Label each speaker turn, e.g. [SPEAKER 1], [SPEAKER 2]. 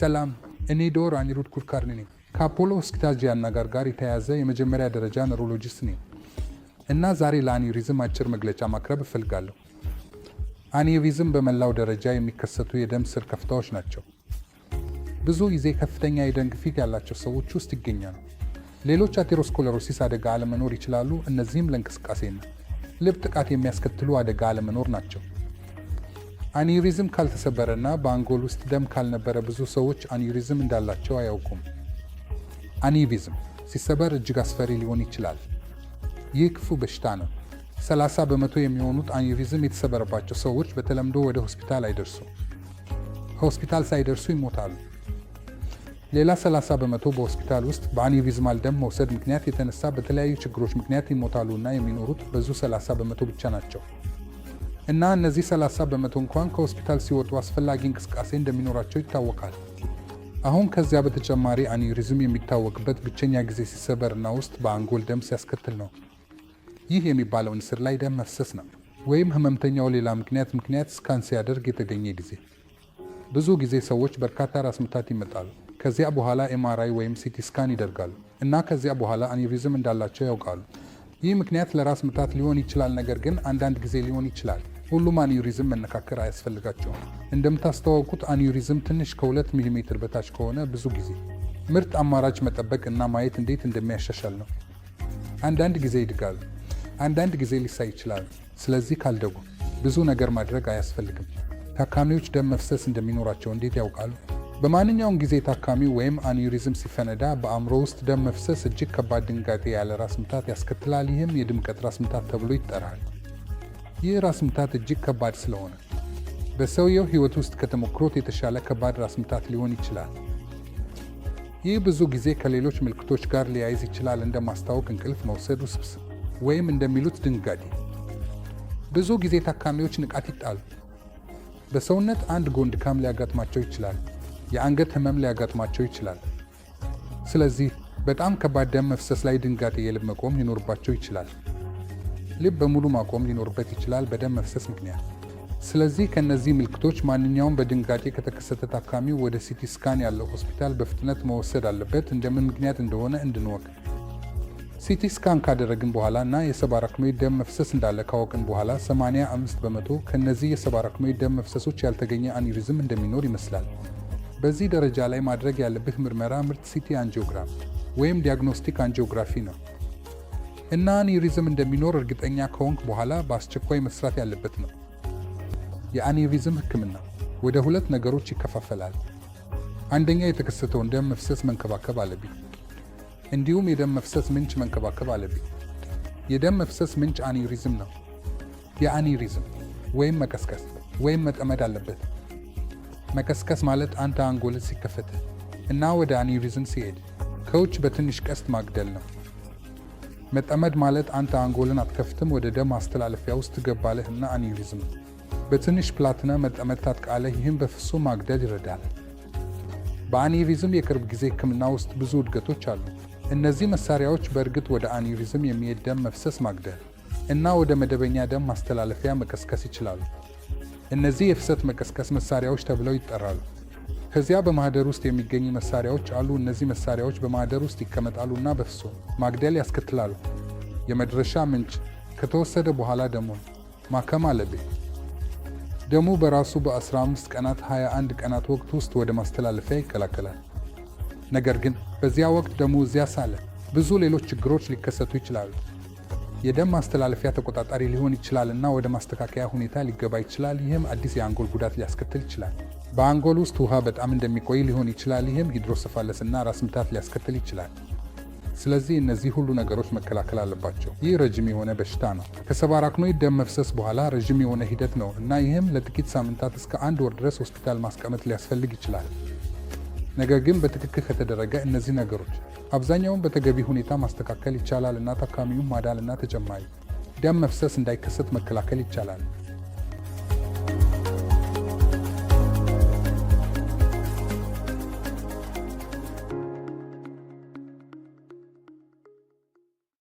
[SPEAKER 1] ሰላም፣ እኔ ዶር አኒሩድ ኩልካርኒ ነኝ። ከአፖሎ ሆስፒታል ጂያናጋር ጋር የተያያዘ የመጀመሪያ ደረጃ ኒውሮሎጂስት ነኝ እና ዛሬ ለአኒሪዝም አጭር መግለጫ ማቅረብ እፈልጋለሁ። አኒሪዝም በመላው ደረጃ የሚከሰቱ የደም ስር ከፍታዎች ናቸው። ብዙ ጊዜ ከፍተኛ የደም ግፊት ያላቸው ሰዎች ውስጥ ይገኛሉ። ሌሎች አቴሮስኮለሮሲስ አደጋ አለመኖር ይችላሉ። እነዚህም ለእንቅስቃሴና ልብ ጥቃት የሚያስከትሉ አደጋ አለመኖር ናቸው። አኒሪዝም ካልተሰበረና በአንጎል ውስጥ ደም ካልነበረ ብዙ ሰዎች አኒሪዝም እንዳላቸው አያውቁም። አኒሪዝም ሲሰበር እጅግ አስፈሪ ሊሆን ይችላል። ይህ ክፉ በሽታ ነው። 30 በመቶ የሚሆኑት አኒሪዝም የተሰበረባቸው ሰዎች በተለምዶ ወደ ሆስፒታል አይደርሱም። ሆስፒታል ሳይደርሱ ይሞታሉ። ሌላ 30 በመቶ በሆስፒታል ውስጥ በአኒሪዝማል ደም መውሰድ ምክንያት የተነሳ በተለያዩ ችግሮች ምክንያት ይሞታሉ እና የሚኖሩት በዙ 30 በመቶ ብቻ ናቸው። እና እነዚህ 30 በመቶ እንኳን ከሆስፒታል ሲወጡ አስፈላጊ እንቅስቃሴ እንደሚኖራቸው ይታወቃል። አሁን ከዚያ በተጨማሪ አኒሪዝም የሚታወቅበት ብቸኛ ጊዜ ሲሰበርና ውስጥ በአንጎል ደም ሲያስከትል ነው። ይህ የሚባለው ንስር ላይ ደም መፍሰስ ነው፣ ወይም ህመምተኛው ሌላ ምክንያት ምክንያት ስካን ሲያደርግ የተገኘ ጊዜ። ብዙ ጊዜ ሰዎች በርካታ ራስ ምታት ይመጣሉ። ከዚያ በኋላ ኤምአርአይ ወይም ሲቲ ስካን ይደርጋሉ እና ከዚያ በኋላ አኒሪዝም እንዳላቸው ያውቃሉ። ይህ ምክንያት ለራስ ምታት ሊሆን ይችላል፣ ነገር ግን አንዳንድ ጊዜ ሊሆን ይችላል ሁሉም አኒሪዝም መነካከር አያስፈልጋቸውም። እንደምታስተዋውቁት አኒሪዝም ትንሽ ከ2 ሚሜ በታች ከሆነ ብዙ ጊዜ ምርጥ አማራጭ መጠበቅ እና ማየት እንዴት እንደሚያሻሻል ነው። አንዳንድ ጊዜ ይድጋል፣ አንዳንድ ጊዜ ሊሳይ ይችላል። ስለዚህ ካልደጉ ብዙ ነገር ማድረግ አያስፈልግም። ታካሚዎች ደም መፍሰስ እንደሚኖራቸው እንዴት ያውቃሉ? በማንኛውም ጊዜ ታካሚው ወይም አኒሪዝም ሲፈነዳ በአእምሮ ውስጥ ደም መፍሰስ እጅግ ከባድ ድንጋጤ ያለ ራስ ምታት ያስከትላል። ይህም የድምቀት ራስ ምታት ተብሎ ይጠራል። ይህ ራስ ምታት እጅግ ከባድ ስለሆነ በሰውየው ሕይወት ውስጥ ከተሞክሮት የተሻለ ከባድ ራስ ምታት ሊሆን ይችላል። ይህ ብዙ ጊዜ ከሌሎች ምልክቶች ጋር ሊያይዝ ይችላል፣ እንደ ማስታወክ፣ እንቅልፍ መውሰድ፣ ውስብስብ ወይም እንደሚሉት ድንጋጤ። ብዙ ጊዜ ታካሚዎች ንቃት ይጣሉ። በሰውነት አንድ ጎን ድካም ሊያጋጥማቸው ይችላል። የአንገት ህመም ሊያጋጥማቸው ይችላል። ስለዚህ በጣም ከባድ ደም መፍሰስ ላይ ድንጋጤ፣ የልብ መቆም ሊኖርባቸው ይችላል። ልብ በሙሉ ማቆም ሊኖርበት ይችላል በደም መፍሰስ ምክንያት። ስለዚህ ከእነዚህ ምልክቶች ማንኛውም በድንጋጤ ከተከሰተ ታካሚ ወደ ሲቲ ስካን ያለው ሆስፒታል በፍጥነት መወሰድ አለበት፣ እንደምን ምክንያት እንደሆነ እንድንወቅ። ሲቲ ስካን ካደረግን በኋላ እና የሰባራክሜ ደም መፍሰስ እንዳለ ካወቅን በኋላ 85 በመቶ ከእነዚህ የሰባራክሜ ደም መፍሰሶች ያልተገኘ አኒሪዝም እንደሚኖር ይመስላል። በዚህ ደረጃ ላይ ማድረግ ያለብህ ምርመራ ምርት ሲቲ አንጂዮግራም ወይም ዲያግኖስቲክ አንጂዮግራፊ ነው። እና አኒሪዝም እንደሚኖር እርግጠኛ ከሆንክ በኋላ በአስቸኳይ መስራት ያለበት ነው። የአኒሪዝም ህክምና ወደ ሁለት ነገሮች ይከፋፈላል። አንደኛ የተከሰተውን ደም መፍሰስ መንከባከብ አለብኝ፣ እንዲሁም የደም መፍሰስ ምንጭ መንከባከብ አለብኝ። የደም መፍሰስ ምንጭ አኒሪዝም ነው። የአኒሪዝም ወይም መቀስቀስ ወይም መጠመድ አለበት። መቀስቀስ ማለት አንድ አንጎል ሲከፈት እና ወደ አኒሪዝም ሲሄድ ከውጭ በትንሽ ቀስት ማግደል ነው። መጠመድ ማለት አንተ አንጎልን አትከፍትም፣ ወደ ደም ማስተላለፊያ ውስጥ ትገባለህ እና አኒሪዝም በትንሽ ፕላቲና መጠመድ ታጥቃለህ። ይህም በፍጹም ማግደል ይረዳል። በአኒሪዝም የቅርብ ጊዜ ሕክምና ውስጥ ብዙ እድገቶች አሉ። እነዚህ መሳሪያዎች በእርግጥ ወደ አኒሪዝም የሚሄድ ደም መፍሰስ ማግደል እና ወደ መደበኛ ደም ማስተላለፊያ መቀስቀስ ይችላሉ። እነዚህ የፍሰት መቀስቀስ መሳሪያዎች ተብለው ይጠራሉ። ከዚያ በማህደር ውስጥ የሚገኙ መሳሪያዎች አሉ። እነዚህ መሳሪያዎች በማህደር ውስጥ ይቀመጣሉና በፍሶ ማግደል ያስከትላሉ። የመድረሻ ምንጭ ከተወሰደ በኋላ ደሞ ማከም አለብህ። ደሙ በራሱ በ15 ቀናት 21 ቀናት ወቅት ውስጥ ወደ ማስተላለፊያ ይቀላቀላል። ነገር ግን በዚያ ወቅት ደሙ እዚያ ሳለ ብዙ ሌሎች ችግሮች ሊከሰቱ ይችላሉ። የደም ማስተላለፊያ ተቆጣጣሪ ሊሆን ይችላል እና ወደ ማስተካከያ ሁኔታ ሊገባ ይችላል። ይህም አዲስ የአንጎል ጉዳት ሊያስከትል ይችላል። በአንጎል ውስጥ ውሃ በጣም እንደሚቆይ ሊሆን ይችላል። ይህም ሂድሮሰፋለስና ራስ ምታት ሊያስከትል ይችላል። ስለዚህ እነዚህ ሁሉ ነገሮች መከላከል አለባቸው። ይህ ረጅም የሆነ በሽታ ነው። ከሰባራክኖይድ ደም መፍሰስ በኋላ ረዥም የሆነ ሂደት ነው እና ይህም ለጥቂት ሳምንታት እስከ አንድ ወር ድረስ ሆስፒታል ማስቀመጥ ሊያስፈልግ ይችላል። ነገር ግን በትክክል ከተደረገ እነዚህ ነገሮች አብዛኛውን በተገቢ ሁኔታ ማስተካከል ይቻላል እና ታካሚውን ማዳልና ተጨማሪ ደም መፍሰስ እንዳይከሰት መከላከል ይቻላል።